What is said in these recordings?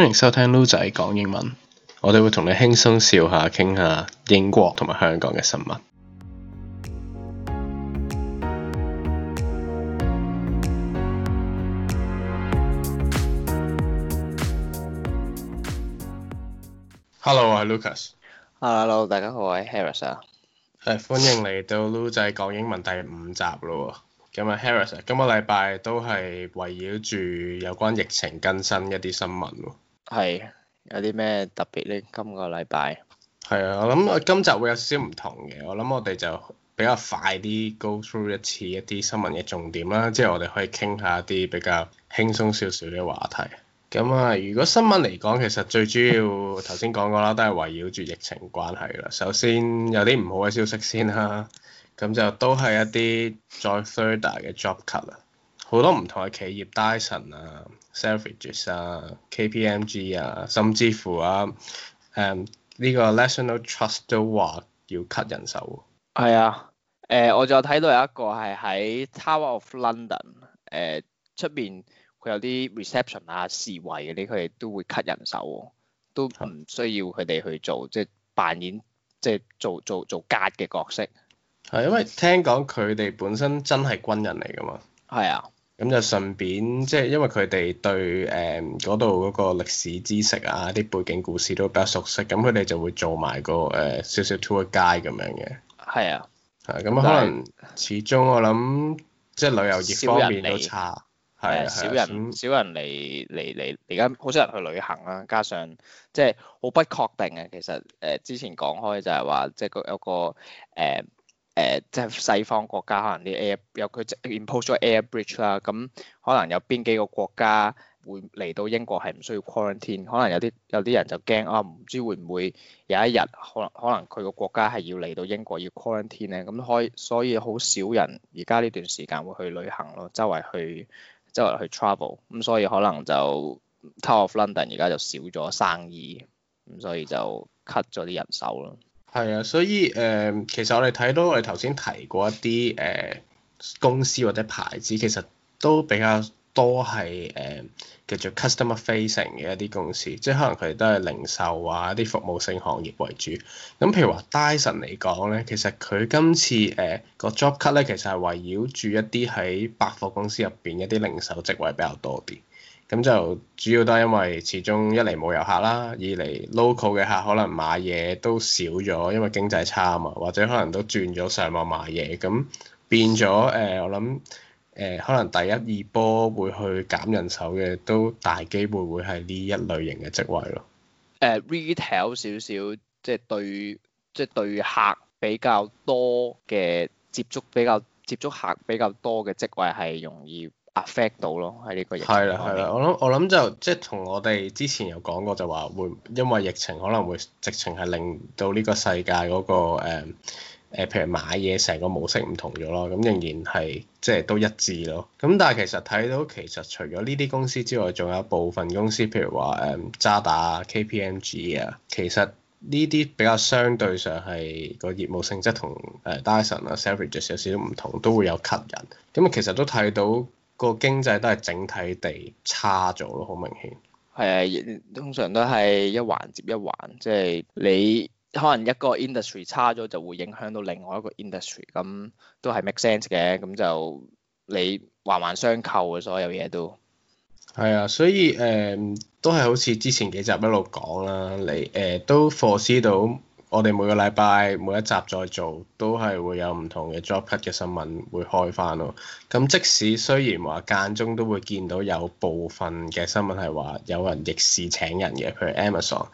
歡迎收聽 l u o 仔講英文，我哋會同你輕鬆笑下，傾下英國同埋香港嘅新聞。Hello，我係 Lucas。Hello，大家好，我係 Harris。係，歡迎嚟到 l u o 仔講英文第五集咯。咁啊，Harris，今個禮拜都係圍繞住有關疫情更新一啲新聞。係，有啲咩特別咧？今個禮拜，係啊，我諗我今集會有少少唔同嘅，我諗我哋就比較快啲 go through 一次一啲新聞嘅重點啦，之後我哋可以傾下一啲比較輕鬆少少嘅話題。咁啊，如果新聞嚟講，其實最主要頭先講過啦，都係圍繞住疫情關係啦。首先有啲唔好嘅消息先啦、啊，咁就都係一啲再 third 嘅 job cut 啦。好多唔同嘅企業，Dyson 啊、Selfridges 啊、KPMG 啊，甚至乎啊，誒、嗯、呢、這個 National Trust 都話要 cut 人手。係啊，誒、啊呃、我就睇到有一個係喺 Tower of London，誒出邊佢有啲 reception 啊、侍衞嗰啲，佢哋都會 cut 人手、啊，都唔需要佢哋去做，即、就、係、是、扮演即係、就是、做做做假嘅角色。係、啊、因為聽講佢哋本身真係軍人嚟噶嘛。係啊。咁就順便，即係因為佢哋對誒嗰度嗰個歷史知識啊、啲背景故事都比較熟悉，咁佢哋就會做埋個誒少少 tour guide 咁樣嘅。係啊。係、啊，咁可能始終我諗，是即係旅遊業方面都差。係啊，啊少人以少人嚟嚟嚟，而家好少人去旅行啦、啊，加上即係好不確定啊。其實誒、呃、之前講開就係話，即、就、係、是、個有個誒。呃誒，即係西方國家，可能啲 air 有佢 impose 咗 air bridge 啦，咁可能有邊幾個國家會嚟到英國係唔需要 quarantine，可能有啲有啲人就驚啊，唔知會唔會有一日可能可能佢個國家係要嚟到英國要 quarantine 咧，咁可以所以好少人而家呢段時間會去旅行咯，周圍去周圍去 travel，咁所以可能就 Tower of London 而家就少咗生意，咁所以就 cut 咗啲人手咯。係啊，所以誒、呃，其實我哋睇到我哋頭先提過一啲誒、呃、公司或者牌子，其實都比較多係誒、呃、叫做 customer facing 嘅一啲公司，即係可能佢哋都係零售啊、一啲服務性行業為主。咁譬如話 Dyson 嚟講咧，其實佢今次誒個、呃、job cut 咧，其實係圍繞住一啲喺百貨公司入邊一啲零售職位比較多啲。咁就主要都係因為，始終一嚟冇遊客啦，二嚟 local 嘅客可能買嘢都少咗，因為經濟差啊嘛，或者可能都轉咗上網買嘢，咁變咗誒、呃，我諗誒、呃、可能第一、二波會去減人手嘅，都大機會會係呢一類型嘅職位咯。誒、uh, retail 少少，即、就、係、是、對即係、就是、對客比較多嘅接觸比較接觸客比較多嘅職位係容易。Affect 到咯，喺呢個疫係啦，係啦，我諗我諗就即係同我哋之前有講過就，就話會因為疫情可能會直情係令到呢個世界嗰、嗰個誒、嗯、譬如買嘢成個模式唔同咗咯，咁仍然係即係都一致咯。咁但係其實睇到其實除咗呢啲公司之外，仲有部分公司，譬如話誒、嗯、渣打 KPMG 啊，G, 其實呢啲比較相對上係個業務性質同誒 Dyson 啊、Selfridges 有少少唔同，都會有 cut 人。咁啊，其實都睇到。個經濟都係整體地差咗咯，好明顯。係啊，通常都係一環接一環，即係你可能一個 industry 差咗，就會影響到另外一個 industry，咁都係 make sense 嘅。咁就你環環相扣嘅所有嘢都。係啊，所以誒、呃，都係好似之前幾集一路講啦，你誒、呃、都 foresee 到。我哋每個禮拜每一集再做，都係會有唔同嘅 job cut 嘅新聞會開翻咯。咁即使雖然話間中都會見到有部分嘅新聞係話有人逆市請人嘅，譬如 Amazon，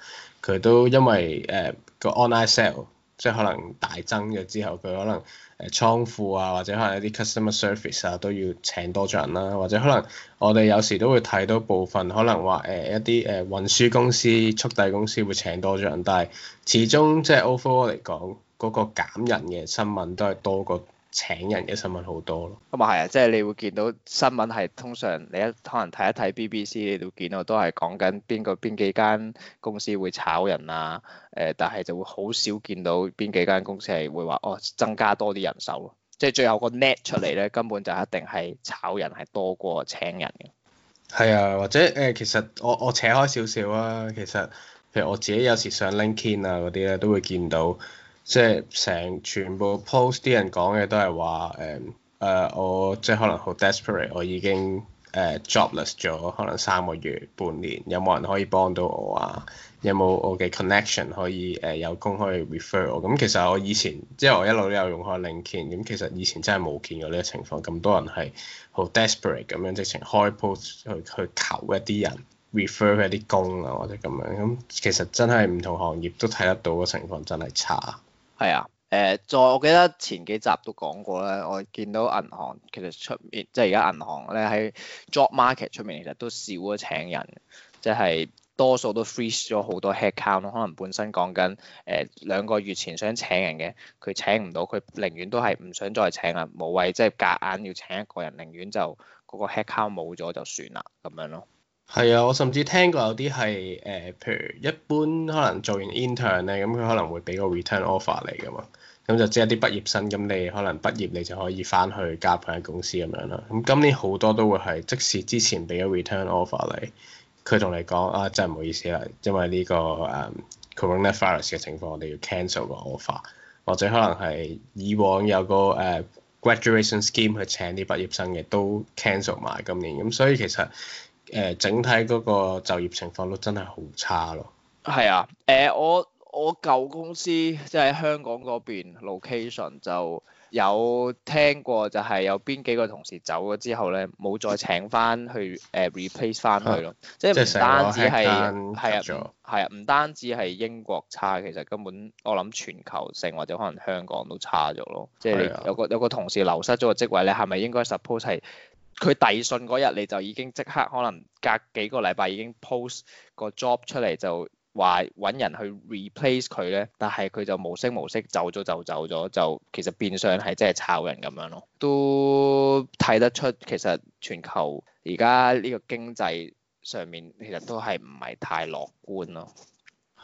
佢都因為誒、呃、個 online sale。即係可能大增咗之後，佢可能誒倉庫啊，或者可能一啲 customer service 啊，都要請多咗人啦、啊。或者可能我哋有時都會睇到部分可能話誒一啲誒運輸公司、速遞公司會請多咗人，但係始終即係 overall 嚟講，嗰、那個減人嘅新聞都係多過。請人嘅新聞好多咯，咁啊係啊，即係你會見到新聞係通常你一可能睇一睇 BBC，你都見到都係講緊邊個邊幾間公司會炒人啊，誒、呃，但係就會好少見到邊幾間公司係會話哦增加多啲人手咯，即係最後個 net 出嚟咧根本就一定係炒人係多過請人嘅。係啊，或者誒、呃，其實我我扯開少少啊，其實譬如我自己有時上 LinkedIn 啊嗰啲咧都會見到。即係成全部 post 啲人講嘅都係話誒誒我即係可能好 desperate，我已經誒、uh, jobless 咗可能三個月半年，有冇人可以幫到我啊？有冇我嘅 connection 可以誒、uh, 有工可以 refer 我？咁、嗯、其實我以前即係我一路都有用開 LinkedIn，咁其實以前真係冇見過呢個情況，咁多人係好 desperate 咁樣直情開 post 去去求一啲人 refer 一啲工啊或者咁樣，咁、嗯、其實真係唔同行業都睇得到個情況真係差。係啊，誒，就我記得前幾集都講過啦。我見到銀行其實出面，即係而家銀行咧喺 job market 出面，其實都少咗請人，即係多數都 freeze 咗好多 headcount。可能本身講緊誒兩個月前想請人嘅，佢請唔到，佢寧願都係唔想再請啦，無謂即係夾硬要請一個人，寧願就嗰個 headcount 冇咗就算啦，咁樣咯。係啊，我甚至聽過有啲係誒，譬如一般可能做完 intern 咧，咁佢可能會俾個 return offer 你㗎嘛，咁就即係啲畢業生，咁你可能畢業你就可以翻去加入間公司咁樣啦。咁今年好多都會係，即使之前俾咗 return offer 你，佢同你講啊，真係唔好意思啦，因為呢個誒 coronavirus 嘅情況，我哋要 cancel 個 offer，或者可能係以往有個誒 graduation scheme 去請啲畢業生嘅都 cancel 埋今年，咁所以其實。誒整體嗰個就業情況都真係好差咯，係啊，誒、呃、我我舊公司即係、就是、香港嗰邊 location 就有聽過，就係有邊幾個同事走咗之後咧，冇再請翻去誒、呃、replace 翻佢咯，即係唔單止係係啊，係啊，唔單止係英國差，其實根本我諗全球性或者可能香港都差咗咯，即係有個有個同事流失咗個職位咧，你係咪應該 suppose 係？佢遞信嗰日，你就已經即刻可能隔幾個禮拜已經 post 個 job 出嚟，就話揾人去 replace 佢呢，但係佢就無聲無息走咗就走咗，就其實變相係真係炒人咁樣咯。都睇得出其實全球而家呢個經濟上面，其實都係唔係太樂觀咯。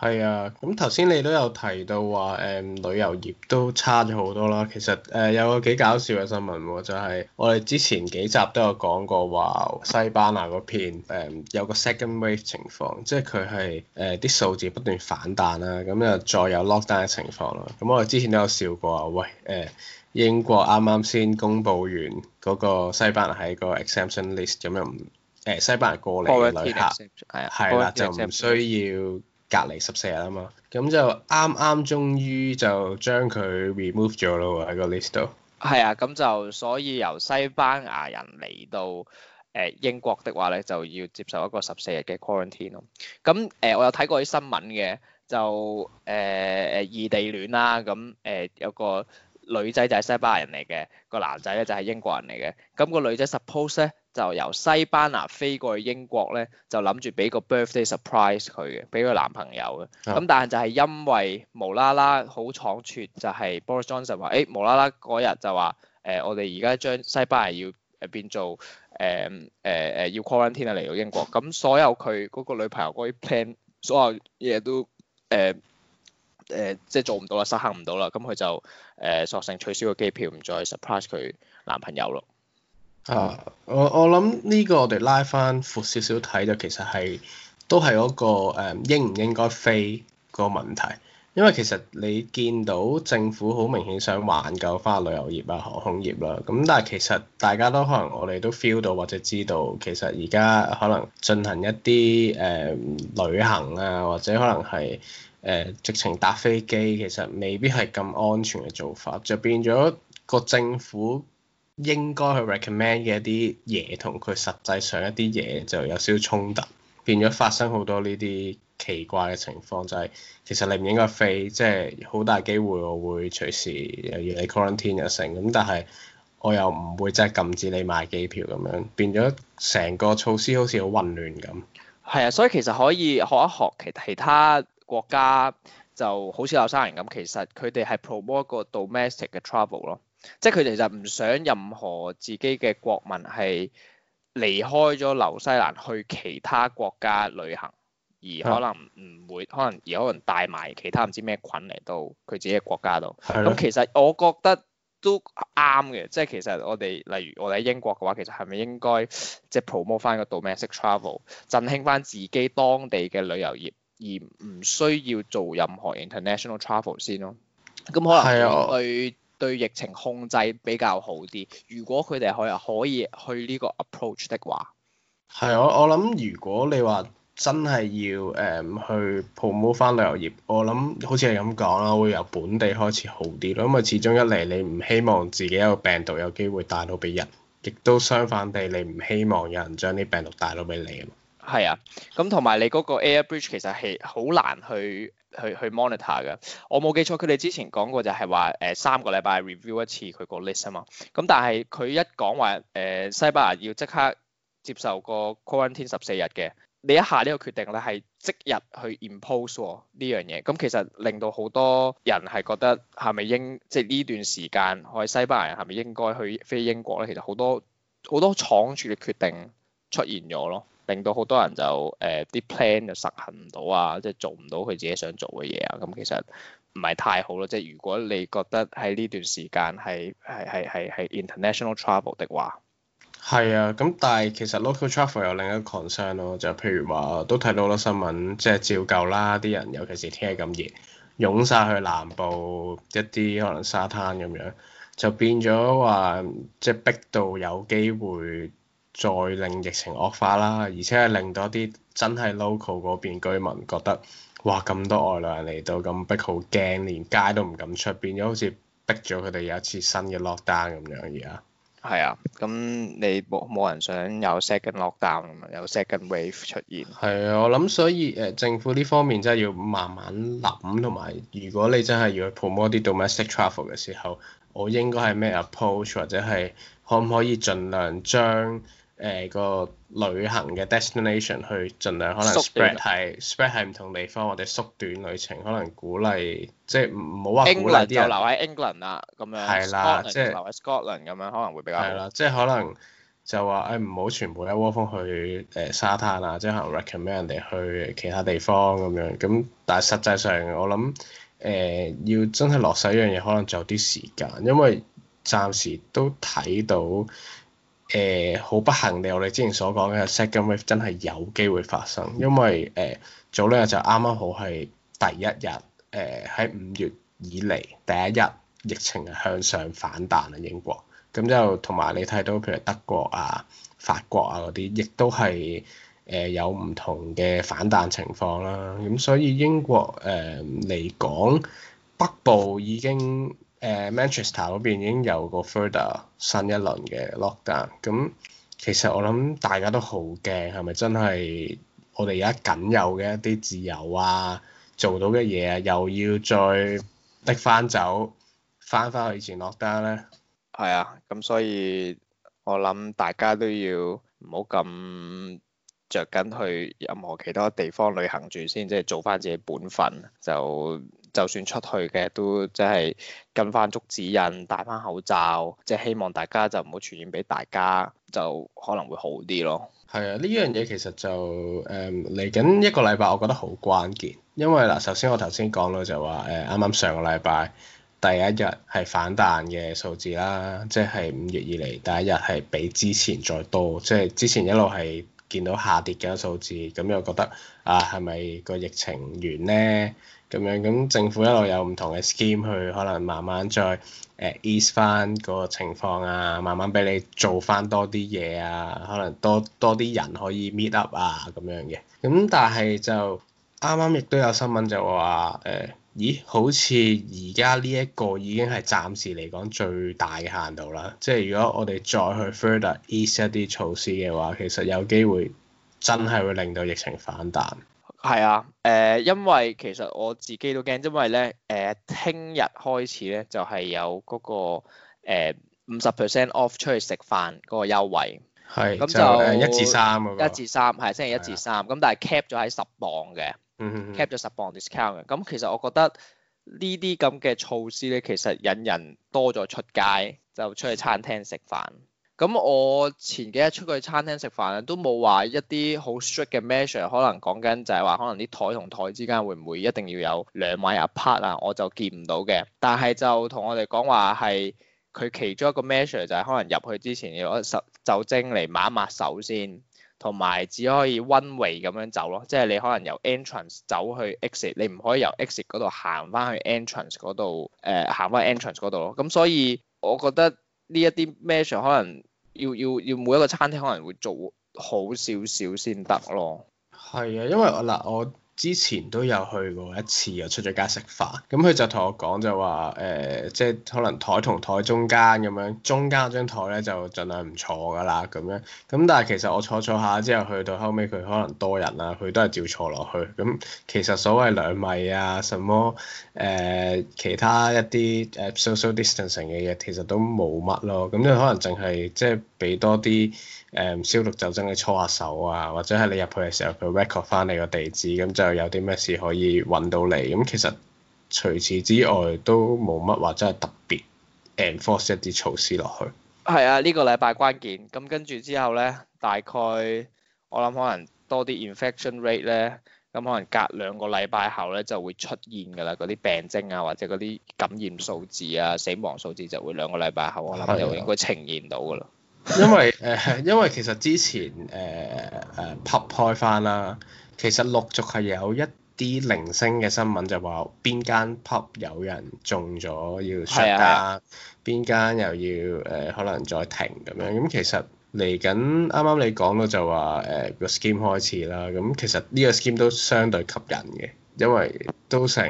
係啊，咁頭先你都有提到話誒、嗯、旅遊業都差咗好多啦。其實誒、呃、有個幾搞笑嘅新聞、啊，就係、是、我哋之前幾集都有講過話西班牙嗰片、嗯、有個 second wave 情況，即係佢係誒啲數字不斷反彈啦、啊，咁又再有 lockdown 嘅情況咯、啊。咁、嗯、我哋之前都有笑過話，喂誒、呃、英國啱啱先公布完嗰個西班牙喺個 exemption list，咁又唔誒西班牙過嚟嘅旅客係啊，啦、啊，就唔需要。隔離十四日啊嘛，咁就啱啱終於就將佢 remove 咗咯喺個 list 度。係啊，咁就所以由西班牙人嚟到誒英國的話咧，就要接受一個十四日嘅 quarantine 咯。咁誒我有睇過啲新聞嘅，就誒誒異地戀啦，咁誒有個女仔就係西班牙人嚟嘅，個男仔咧就係英國人嚟嘅，咁個女仔 suppose 咧。就由西班牙飛過去英國咧，就諗住俾個 birthday surprise 佢嘅，俾佢男朋友嘅。咁、啊、但係就係因為無啦啦好倉猝，就係、是、Boris Johnson 話，誒、欸、無啦啦嗰日就話誒、呃、我哋而家將西班牙要誒變做誒誒誒要 quarantine 啊，嚟到英國，咁、嗯、所有佢嗰個女朋友嗰啲 plan，所有嘢都誒誒、呃呃、即係做唔到啦，實行唔到啦。咁、嗯、佢就誒、呃、索性取消個機票，唔再 surprise 佢男朋友咯。啊！我我諗呢個我哋拉翻闊少少睇，就其實係都係嗰、那個誒、嗯、應唔應該飛個問題，因為其實你見到政府好明顯想挽救翻旅遊業啊航空業啦，咁但係其實大家都可能我哋都 feel 到或者知道，其實而家可能進行一啲誒、呃、旅行啊或者可能係誒、呃、直情搭飛機，其實未必係咁安全嘅做法，就變咗個政府。應該去 recommend 嘅一啲嘢同佢實際上一啲嘢就有少少衝突，變咗發生好多呢啲奇怪嘅情況，就係、是、其實你唔應該飛，即係好大機會我會隨時又要你 quarantine 一成，咁但係我又唔會即係禁止你買機票咁樣，變咗成個措施好似好混亂咁。係啊，所以其實可以學一學其其他國家就好似紐西蘭咁，其實佢哋係 promote 個 domestic 嘅 travel 咯。即係佢哋就唔想任何自己嘅國民係離開咗紐西蘭去其他國家旅行，而可能唔會可能而可能帶埋其他唔知咩菌嚟到佢自己嘅國家度。咁的其實我覺得都啱嘅，即係其實我哋例如我哋喺英國嘅話，其實係咪應該即係、就是、promote 返個 domestic travel，振興返自己當地嘅旅遊業，而唔需要做任何 international travel 先咯？咁可能係啊去。對疫情控制比較好啲。如果佢哋可以去呢個 approach 嘅話，係我我諗，如果你話真係要誒去 promote 返旅遊業，我諗好似係咁講啦，會由本地開始好啲咯。因為始終一嚟你唔希望自己有病毒有機會帶到俾人，亦都相反地，你唔希望有人將啲病毒帶到俾你。係啊，咁同埋你嗰個 Air Bridge 其實係好難去去去 monitor 㗎。我冇記錯，佢哋之前講過就係話誒三個禮拜 review 一次佢個 list 啊嘛。咁但係佢一講話誒西班牙要即刻接受個 quarantine 十四日嘅，你一下呢個決定咧係即日去 impose 呢、哦、樣嘢，咁、嗯、其實令到好多人係覺得係咪應即係呢段時間我哋西班牙人係咪應該去飛英國咧？其實好多好多倉促嘅決定出現咗咯。令到好多人就誒啲 plan 就實行唔到啊，即係做唔到佢自己想做嘅嘢啊，咁其實唔係太好咯。即係如果你覺得喺呢段時間係係係係係 international travel 的話，係啊，咁但係其實 local travel 有另一個 concern 咯，就譬如話都睇到咯，新聞，即係照舊啦，啲人尤其是天氣咁熱，湧晒去南部一啲可能沙灘咁樣，就變咗話即係逼到有機會。再令疫情惡化啦，而且係令到一啲真係 local 嗰邊居民覺得，哇咁多外來人嚟到咁逼好驚，連街都唔敢出邊，變咗好似逼咗佢哋有一次新嘅 lockdown 咁樣。而家。係啊，咁你冇冇人想有 second lockdown，有 second wave 出現，係啊，我諗。所以誒政府呢方面真係要慢慢諗，同埋如果你真係要去 promote 啲 domestic travel 嘅時候，我應該係咩 approach 或者係可唔可以盡量將。誒、呃、個旅行嘅 destination 去盡量可能 sp spread 係 spread 喺唔同地方，或者縮短旅程，可能鼓勵、嗯、即係唔好話鼓勵啲 England 人，就留喺 England 啊，咁樣，蘇格蘭留喺 Scotland 咁樣可能會比較好。係啦，即、就、係、是、可能就話誒唔好全部一窩蜂去誒沙灘啊，即係可能 recommend 人哋去其他地方咁樣。咁但係實際上我諗誒、呃、要真係落實一樣嘢，可能仲有啲時間，因為暫時都睇到。誒好、呃、不幸嘅，我哋之前所講嘅 second wave 真係有機會發生，因為誒、呃、早兩日就啱啱好係第一日，誒喺五月以嚟第一日疫情係向上反彈啊英國，咁就同埋你睇到譬如德國啊、法國啊嗰啲，亦都係誒、呃、有唔同嘅反彈情況啦，咁所以英國誒嚟講北部已經。m 誒曼徹斯特嗰邊已經有個 Further 新一輪嘅 lockdown，咁其實我諗大家都好驚，係咪真係我哋而家僅有嘅一啲自由啊，做到嘅嘢啊，又要再搦翻走，翻翻去以前 lockdown 咧？係啊，咁所以我諗大家都要唔好咁着緊去任何其他地方旅行住先，即係做翻自己本分就。就算出去嘅都即係跟翻足指引，戴翻口罩，即係希望大家就唔好傳染俾大家，就可能會好啲咯。係啊，呢樣嘢，其實就誒嚟緊一個禮拜，我覺得好關鍵，因為嗱，首先我頭先講啦，就話誒啱啱上個禮拜第一日係反彈嘅數字啦，即係五月以嚟第一日係比之前再多，即係之前一路係見到下跌嘅數字，咁又覺得啊，係咪個疫情完咧？咁樣咁政府一路有唔同嘅 scheme 去可能慢慢再誒、uh, ease 翻個情況啊，慢慢俾你做翻多啲嘢啊，可能多多啲人可以 meet up 啊咁樣嘅。咁但係就啱啱亦都有新聞就話誒，uh, 咦？好似而家呢一個已經係暫時嚟講最大嘅限度啦。即係如果我哋再去 further ease 一啲措施嘅話，其實有機會真係會令到疫情反彈。係啊，誒、呃，因為其實我自己都驚，因為咧，誒、呃，聽日開始咧就係、是、有嗰、那個五十 percent off 出去食飯嗰個優惠，係咁是就，就一至三一至三係星期一至三，咁、啊、但係 cap 咗喺十磅嘅，cap 咗十磅 discount 嘅，咁、嗯嗯、其實我覺得呢啲咁嘅措施咧，其實引人多咗出街，就出去餐廳食飯。 咁我前幾日出去餐廳食飯啊，都冇話一啲好 strict 嘅 measure，可能講緊就係話可能啲枱同枱之間會唔會一定要有兩位 apart 啊，我就見唔到嘅。但係就同我哋講話係佢其中一個 measure 就係、是、可能入去之前要攞十酒精嚟抹一抹手先，同埋只可以 one way 咁樣走咯，即係你可能由 entrance 走去 exit，你唔可以由 exit 嗰度行返去 entrance 嗰度，誒、呃、行返 entrance 嗰度咯。咁所以我覺得呢一啲 measure 可能。要要要每一個餐廳可能會做好少少先得咯。係啊，因為我嗱我。之前都有去過一次，我出咗街食飯，咁佢就同我講就話，誒、呃，即係可能台同台中間咁樣，中間張台咧就盡量唔坐㗎啦，咁樣，咁但係其實我坐坐下之後，去到後尾，佢可能多人啦，佢都係照坐落去，咁其實所謂兩米啊，什麼誒、呃、其他一啲誒 social distancing 嘅嘢，其實都冇乜咯，咁即係可能淨係即係。俾多啲誒、嗯、消毒酒精去搓下手啊，或者係你入去嘅時候，佢 record 翻你個地址，咁就有啲咩事可以揾到你。咁其實除此之外都冇乜話真係特別 enforce 一啲措施落去。係啊，呢、呢個禮拜關鍵。咁跟住之後呢，大概我諗可能多啲 infection rate 呢，咁可能隔兩個禮拜後呢就會出現㗎啦。嗰啲病徵啊，或者嗰啲感染數字啊、死亡數字就會兩個禮拜後，我諗又應該呈現到㗎啦。因為誒， 因為其實之前誒誒 pub 開翻啦，其實陸續係有一啲零星嘅新聞，就話邊間 pub 有人中咗要出啦，邊、啊啊、間又要誒、uh, 可能再停咁樣。咁其實嚟緊啱啱你講到就話誒個 scheme 開始啦。咁其實呢個 scheme 都相對吸引嘅，因為都成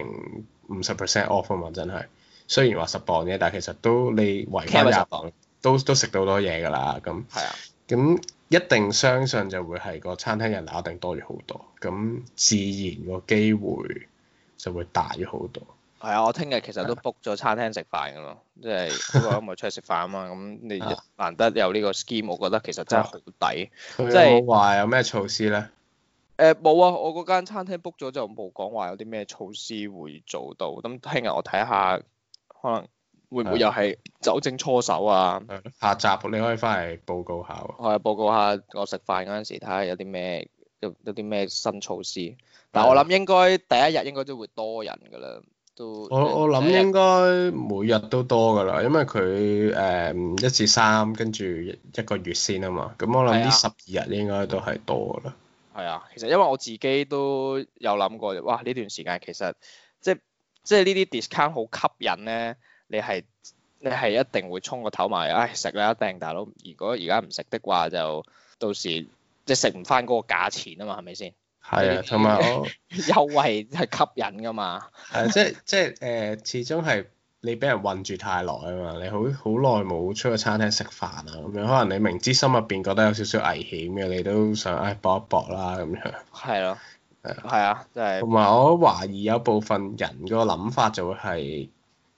五十 percent off 吖嘛，真係雖然話十磅嘅，但係其實都你維翻廿磅。都都食到好多嘢噶啦，咁，係啊，咁一定相信就會係個餐廳人肯定多咗好多，咁自然個機會就會大咗好多。係啊，我聽日其實都 book 咗餐廳食飯噶咯，即係呢個咁咪出去食飯啊嘛，咁 你難得有呢個 scheme，我覺得其實真係好抵。有冇話有咩措施咧？誒冇、呃、啊，我嗰間餐廳 book 咗就冇講話有啲咩措施會做到，咁聽日我睇下可能。會唔會又係酒精搓手啊？下集你可以翻嚟報告下喎。我係報告下我食飯嗰陣時，睇下有啲咩，有有啲咩新措施。但係我諗應該第一日應該都會多人㗎喇，都。我我諗應該每日都多㗎喇，因為佢誒一至三跟住一個月先啊嘛。咁我諗呢十二日應該都係多㗎喇。係啊，啊，其實因為我自己都有諗過，哇！呢段時間其實即即係呢啲 discount 好吸引咧。你係你係一定會衝個頭埋，唉食啦一定大佬。如果而家唔食嘅話，就到時即係食唔翻嗰個價錢啊嘛，係咪先？係啊，同埋我優惠係吸引噶嘛。係、 嗯、即係即係誒、呃，始終係你俾人韞住太耐啊嘛。你好好耐冇出去餐廳食飯啊咁樣，可能你明知心入邊覺得有少少危險嘅，你都想唉搏一搏啦咁樣。係咯。係啊。係啊，即係、嗯。同埋、啊嗯、我懷疑有部分人個諗法就會係。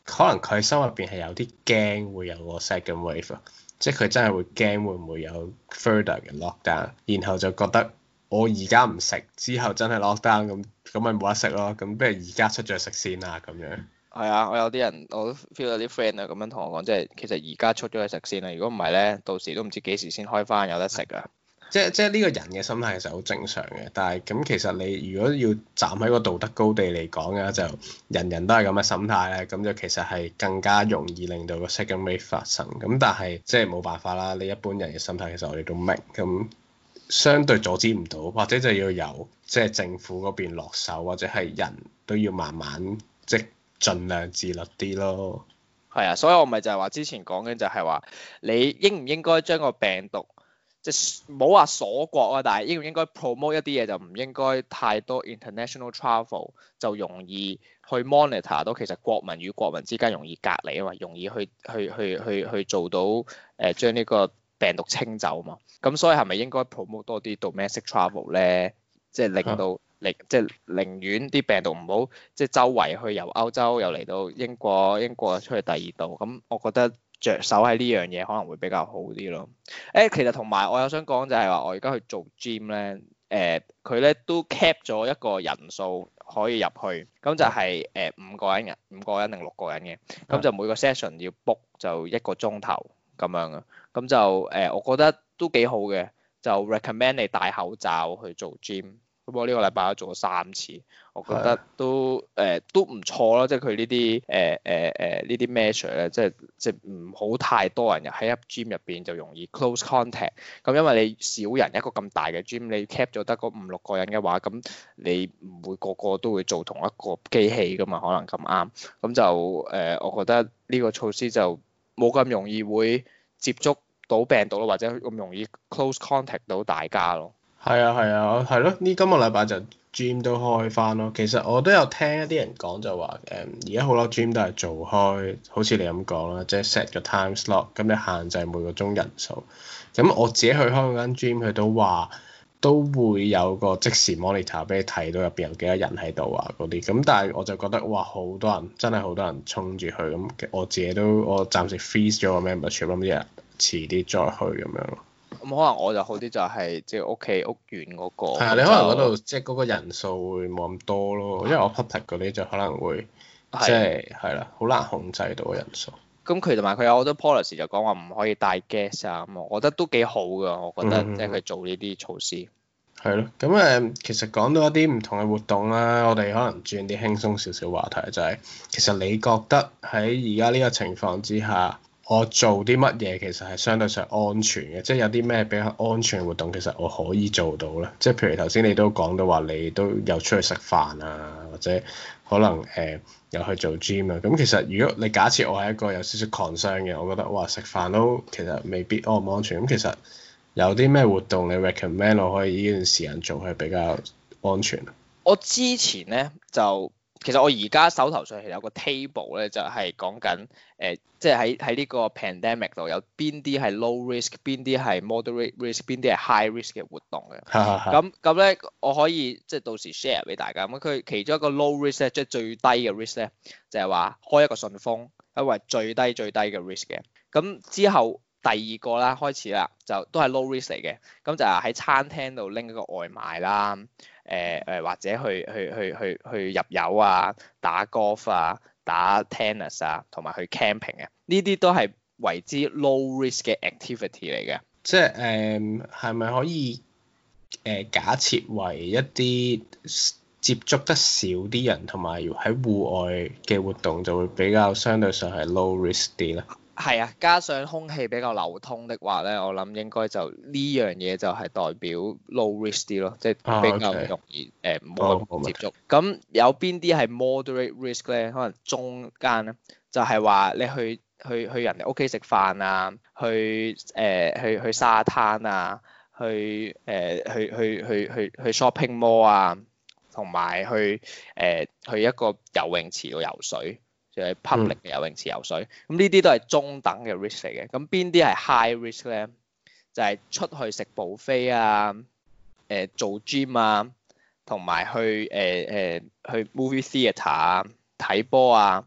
可能佢心入邊係有啲驚會有個 second wave，即係佢真係會驚會唔會有 further 嘅 lockdown，然後就覺得我而家唔食，之後真係 lockdown 咁，咁咪冇得食咯，咁不如而家出咗去食先啦，咁樣。係啊，我有啲人，我都 feel 到啲 friend 啊，咁樣同我講，即係其實而家出咗去食先啦，如果唔係咧，到時都唔知幾時先開翻有得食啊。即係即係呢個人嘅心態其實好正常嘅，但係咁其實你如果要站喺個道德高地嚟講嘅話，就人人都係咁嘅心態咧，咁就其實係更加容易令到個 second rate 發生。咁但係即係冇辦法啦，你一般人嘅心態其實我哋都明，咁相對阻止唔到，或者就要由即係政府嗰邊落手，或者係人都要慢慢即係盡量自律啲咯。係啊，所以我咪就係話之前講緊就係話，你應唔應該將個病毒？即係冇話鎖國啊，但係應唔應該 promote 一啲嘢就唔應該太多 international travel 就容易去 monitor 到其實國民與國民之間容易隔離啊嘛，容易去去去去去做到誒、呃、將呢個病毒清走啊嘛。咁所以係咪應該 promote 多啲 domestic travel 咧？即係令到令、啊、即係寧願啲病毒唔好即係周圍去由歐洲，又嚟到英國，英國出去第二度。咁我覺得。着手喺呢樣嘢可能會比較好啲咯。誒、欸，其實同埋我有想講，就係話我而家去做 gym 咧，誒、呃，佢咧都 cap 咗一個人數可以入去，咁就係誒五個人人，五個人定六個人嘅，咁就每個 session 要 book 就一個鐘頭咁樣嘅。咁就誒、呃，我覺得都幾好嘅，就 recommend 你戴口罩去做 gym。咁我呢個禮拜都做咗三次，我覺得都誒是的、欸、都唔錯咯，即係佢呢啲誒誒誒呢啲 measure 咧，即係即係唔好太多人入喺一 gym 入邊就容易 close contact。咁因為你少人一個咁大嘅 gym，你 cap 咗得嗰五六個人嘅話，咁你唔會個個都會做同一個機器噶嘛，可能咁啱。咁就誒、欸，我覺得呢個措施就冇咁容易會接觸到病毒咯，或者咁容易 close contact 到大家咯。係啊係啊，我係咯，呢、啊、今個禮拜就 gym 都開翻咯。其實我都有聽一啲人講就話，誒而家好多 gym 都係做開，好似你咁講啦，即、就、係、是、set 個 time slot，咁你限制每個鐘人數。咁我自己去開嗰間 gym，佢都話都會有個即時 monitor 俾你睇到入邊有幾多人喺度啊嗰啲。咁但係我就覺得哇，好多人真係好多人衝住去。咁我自己都我暫時 freeze 咗個 membership，諗、嗯、住遲啲再去咁樣。咁可能我就好啲，就係即係屋企屋苑嗰個。係啊的，就你可能嗰度即係嗰個人數會冇咁多咯，的因為我 public 嗰啲就可能會即係係啦，好的難控制到嘅人數。咁佢同埋佢有好多 policy 就講話唔可以帶 gas 啊，咁我覺得都幾好噶，我覺得即係佢做呢啲措施。係咯，咁誒，其實講到一啲唔同嘅活動啦，的我哋可能轉啲輕鬆少少話題，就係、是、其實你覺得喺而家呢個情況之下。我做啲乜嘢其實係相對上安全嘅，即係有啲咩比較安全活動，其實我可以做到啦。即係譬如頭先你都講到話，你都有出去食飯啊，或者可能誒有、呃、去做 gym 啊。咁其實如果你假設我係一個有少少 concern 嘅，我覺得哇，食飯都其實未必安唔安全。咁其實有啲咩活動你 recommend 我可以呢段時間做係比較安全？我之前咧就。其實我而家手頭上係有個 table 咧、呃，就係講緊誒，即係喺喺呢個 pandemic 度有邊啲係 low risk，邊啲係 moderate risk，邊啲係 high risk 嘅活動嘅。咁咁咧，我可以即係、就是、到時 share 俾大家咁。佢其中一個 low risk 即係最低嘅 risk 咧，就係、是、話開一個信封，因為最低最低嘅 risk 嘅。咁之後第二個啦，開始啦，就都係 low risk 嚟嘅。咁就係喺餐廳度拎一個外賣啦。誒，誒、呃、或者去去去去去，去入油啊、打 golf 啊、打 tennis 啊，同埋去 camping 啊，呢啲都係為之 low risk 嘅 activity 嚟嘅。即係誒係咪可以誒、呃、假設為一啲接觸得少啲人，同埋要喺戶外嘅活動，就會比較相對上係 low risk 啲咧？係啊，加上空氣比較流通的話咧，我諗應該就呢樣嘢就係代表 low risk 啲咯，即係比較容易誒冇咁、啊 okay. 呃、接觸。咁、oh, okay. 有邊啲係 moderate risk 咧？可能中間咧，就係、是、話你去去去人哋屋企食飯啊，去誒去去沙灘啊，去誒去去去去去 shopping mall 啊，同埋去誒、呃、去一個游泳池度游水。就係 public 嘅游泳池游水，咁呢啲都係中等嘅 risk 嚟嘅。咁邊啲係 high risk 咧？就係、是、出去食 buffet 啊，誒、呃、做 gym 啊，同埋去誒誒、呃呃、去 movie theater 啊，睇波啊，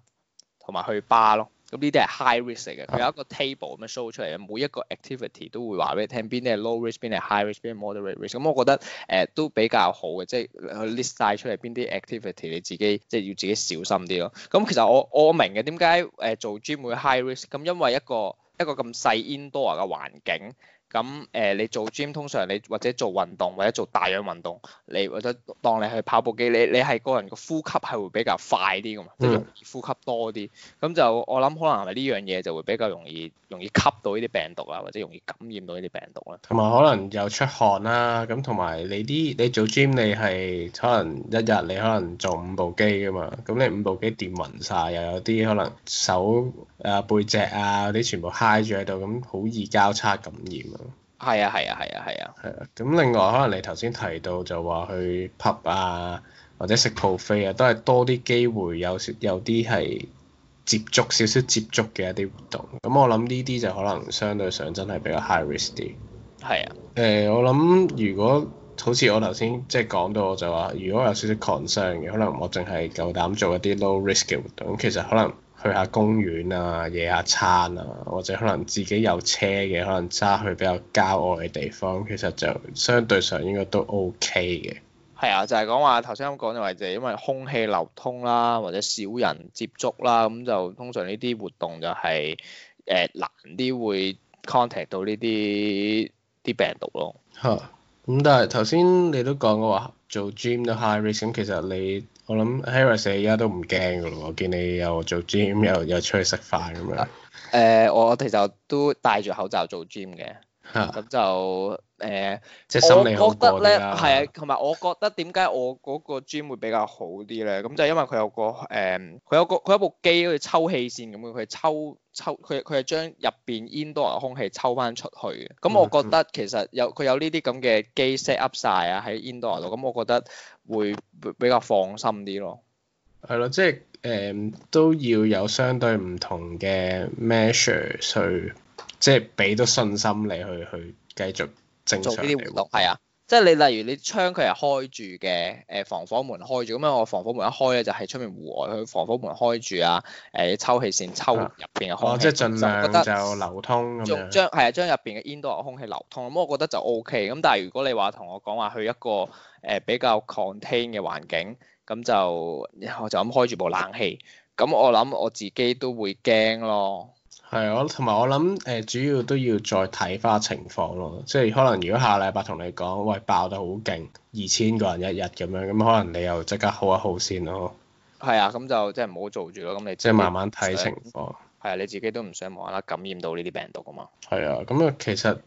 同埋去 bar 咯。咁呢啲係 high risk 嚟嘅，佢有一個 table 咁樣 show 出嚟嘅，每一個 activity 都會話俾你聽，邊啲係 low risk，邊啲係 high risk，邊係 moderate risk。咁、嗯、我覺得誒、呃、都比較好嘅，即係去 list 晒出嚟邊啲 activity 你自己即係要自己小心啲咯。咁、嗯、其實我我明嘅，點解誒做 gym 會 high risk？咁、嗯、因為一個一個咁細 indoor 嘅環境。咁誒，你做 gym 通常你或者做運動或者做帶氧運動，你或者當你去跑步機，你你係個人嘅呼吸係會比較快啲㗎嘛，即係容易呼吸多啲。咁、嗯、就我諗可能係呢樣嘢就會比較容易容易吸到呢啲病毒啊，或者容易感染到呢啲病毒啦。同埋可能又出汗啦，咁同埋你啲你做 gym 你係可能一日你可能做五部機㗎嘛，咁你五部機掂暈晒，又有啲可能手，背脊啊，嗰啲全部嗨住喺度，咁好易交叉感染啊！係啊，係啊，係啊，係啊。係啊，咁另外可能你頭先提到就話去 pub 啊，或者食 buffet 啊，都係多啲機會有有啲係接觸少少接觸嘅一啲活動。咁我諗呢啲就可能相對上真係比較 high risk 啲。係啊。誒、呃，我諗如果好似我頭先即係講到，我就話如果有少少 concern 嘅，可能我淨係夠膽做一啲 low risk 嘅活動。咁其實可能。去下公園啊，野下餐啊，或者可能自己有車嘅，可能揸去比較郊外嘅地方，其實就相對上應該都 OK 嘅。係啊，就係講話頭先啱講就係因為空氣流通啦，或者少人接觸啦，咁就通常呢啲活動就係、是、誒、呃、難啲會 contact 到呢啲啲病毒咯。嚇！咁但係頭先你都講過做 gym 都 high risk，咁其實你？我諗，Harris 依家都唔驚噶咯，我見你又做 gym 又又出去食飯咁樣。誒、嗯呃，我哋就都戴住口罩做 gym 嘅。啊，咁就誒， 嗯、即我覺得咧，係啊，同埋我覺得點解我嗰個 gym 會比較好啲咧？咁就因為佢有個誒，佢、嗯、有個佢有部機好似抽氣扇咁樣，佢抽抽佢佢係將入邊 indoor 啊空氣抽翻出去嘅。咁我覺得其實有佢有呢啲咁嘅機 set up 晒啊喺 indoor 度，咁我覺得會比較放心啲咯。係咯，即係誒都要有相對唔同嘅 measure 嚟。即係俾到信心你去去繼續正常做呢啲活動，係啊！即係你例如你窗佢係開住嘅，誒防火門開住咁樣，我防火門一開咧就係出面戶外，佢防火門開住啊，誒、uh, 抽氣扇抽入邊嘅空氣、啊，哦，即係盡量就流通咁就樣，係啊將入邊嘅煙道嘅空氣流通。咁我覺得就 OK。咁但係如果你話同我講話去一個誒比較 contain 嘅環境，咁就我就咁開住部冷氣，咁我諗我自己都會驚咯。係啊，我同埋我諗誒，主要都要再睇翻情況咯，即係可能如果下禮拜同你講，喂，爆得好勁，二千個人一日咁樣，咁可能你又即刻好一好先咯。係啊，咁就即係唔好做住咯，咁你，即係慢慢睇情況。係啊，你自己都唔想無啦啦感染到呢啲病毒㗎嘛。係啊，咁啊其實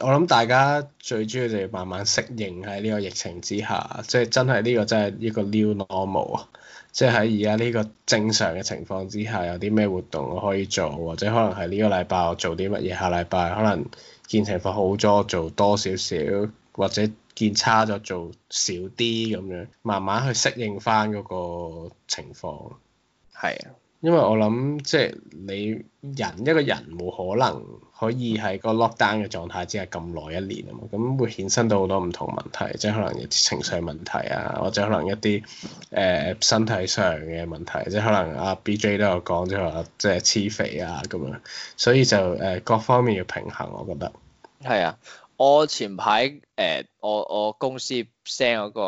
我諗大家最主要就要慢慢適應喺呢個疫情之下，即係真係呢個真係一個 new normal。即喺而家呢個正常嘅情況之下，有啲咩活動我可以做，或者可能係呢個禮拜我做啲乜嘢，下禮拜可能見情況好咗，做多少少，或者見差咗做少啲咁樣，慢慢去適應翻嗰個情況。係啊，因為我諗即係你人一個人冇可能。可以喺個 lockdown 嘅狀態，只係咁耐一年啊嘛，咁會衍生到好多唔同問題，即係可能情緒問題啊，或者可能一啲誒、呃、身體上嘅問題，即係可能阿、啊、B J 都有講，即係話即係黐肥啊咁樣，所以就誒、呃、各方面要平衡，我覺得。係啊，我前排誒、呃、我我公司 send 嗰個、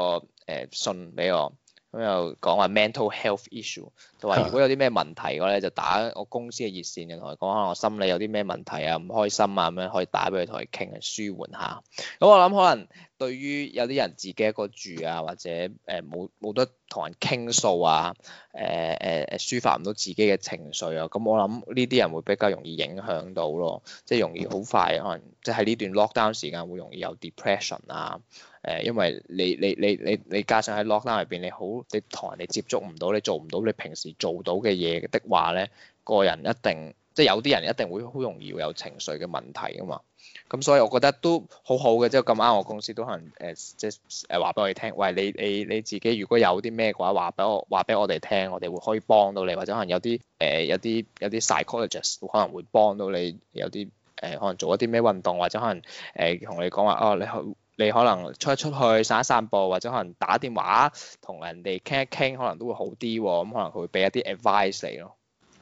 呃、信俾我。咁又講話 mental health issue，同埋如果有啲咩問題嘅咧，就就打我公司嘅熱線，就同佢講可能我心理有啲咩問題啊，唔開心啊咁樣，可以打俾佢同佢傾，舒緩下。咁我諗可能對於有啲人自己一個住啊，或者誒冇冇得同人傾訴啊，誒誒誒抒發唔到自己嘅情緒啊，咁我諗呢啲人會比較容易影響到咯，即係容易好快可能即係喺呢段 lockdown 時間會容易有 depression 啊。誒，因為你你你你你加上喺 lockdown 入邊，你好，你同人哋接觸唔到，你做唔到你平時做到嘅嘢的話咧，個人一定即係有啲人一定會好容易會有情緒嘅問題噶嘛。咁所以我覺得都好好嘅，即係咁啱我公司都可能誒，即係誒話俾我哋聽，喂，你你你自己如果有啲咩嘅話，話俾我話俾我哋聽，我哋會可以幫到你，或者可能有啲誒、呃、有啲有啲 psychologist 可能會幫到你，有啲誒、呃、可能做一啲咩運動，或者可能誒同你講話哦，你好。你可能出一出去散一散步，或者可能打電話同人哋傾一傾，可能都會好啲喎、哦。咁可能佢會俾一啲 advice 你咯。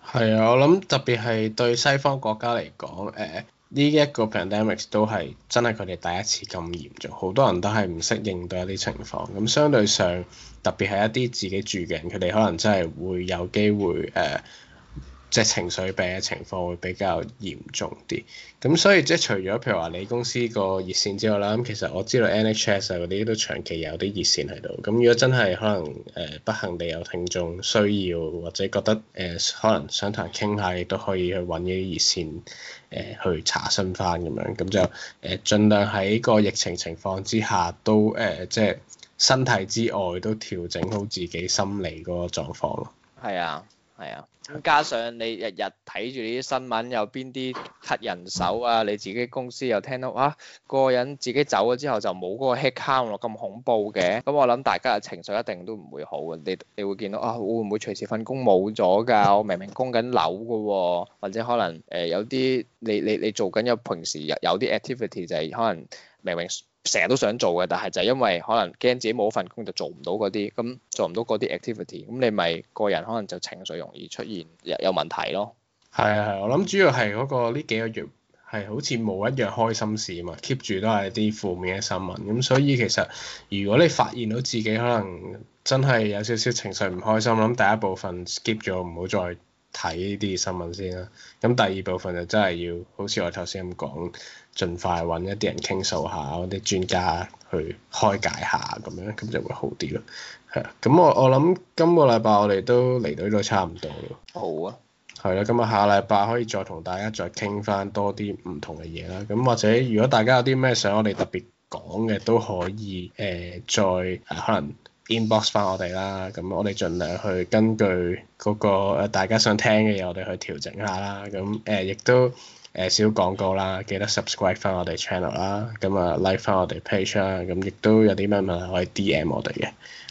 係啊，我諗特別係對西方國家嚟講，誒呢一個 pandemics 都係真係佢哋第一次咁嚴重，好多人都係唔適應到一啲情況。咁相對上特別係一啲自己住嘅人，佢哋可能真係會有機會誒。呃即情緒病嘅情況會比較嚴重啲，咁所以即係除咗譬如話你公司個熱線之外啦，咁其實我知道 NHS 啊嗰啲都長期有啲熱線喺度。咁如果真係可能誒不幸地有聽眾需要或者覺得誒可能想同人傾下，亦都可以去揾呢啲熱線誒去查詢翻咁樣，咁就誒盡量喺個疫情情況之下都誒即係身體之外都調整好自己心理嗰個狀況咯。係啊。係啊，加上你日日睇住呢啲新聞，有邊啲 cut 人手啊？你自己公司又聽到啊，嗰個人自己走咗之後就冇嗰個 headcount 喎，咁恐怖嘅。咁、嗯、我諗大家嘅情緒一定都唔會好嘅。你你會見到啊，會唔會隨時份工冇咗㗎？我明明供緊樓嘅、啊，或者可能誒、呃、有啲你你你做緊有平時有有啲 activity 就係可能明明。成日都想做嘅，但係就係因為可能驚自己冇份工就做唔到嗰啲，咁做唔到嗰啲 activity，咁你咪個人可能就情緒容易出現有，有問題咯。係啊係，我諗主要係嗰個呢幾個月係好似冇一樣開心事啊嘛，keep 住都係啲負面嘅新聞，咁所以其實如果你發現到自己可能真係有少少情緒唔開心，我諗第一部分 skip 咗唔好再睇呢啲新聞先啦，咁第二部分就真係要，好似我頭先咁講，盡快揾一啲人傾訴下，啲專家去開解下咁樣，咁就會好啲咯，係啊，咁我我諗今個禮拜我哋都嚟到呢度差唔多咯，好啊，係啦，今日下禮拜可以再同大家再傾翻多啲唔同嘅嘢啦，咁或者如果大家有啲咩想我哋特別講嘅都可以，誒、呃、再、呃、可能。inbox 翻我哋啦，咁我哋盡量去根據嗰個誒大家想聽嘅嘢，我哋去調整下啦。咁誒亦都誒少廣告啦，記得 subscribe 翻我哋 channel 啦，咁啊 like 翻我哋 page 啦。咁亦都有啲咩問題可以 DM 我哋嘅。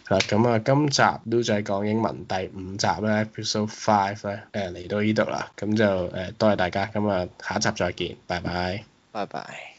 嗱，咁啊，今集都 e 仔講英文第五集咧，Episode Five 咧，誒嚟到呢度啦，咁就誒多謝大家，咁啊下一集再見，拜拜，拜拜。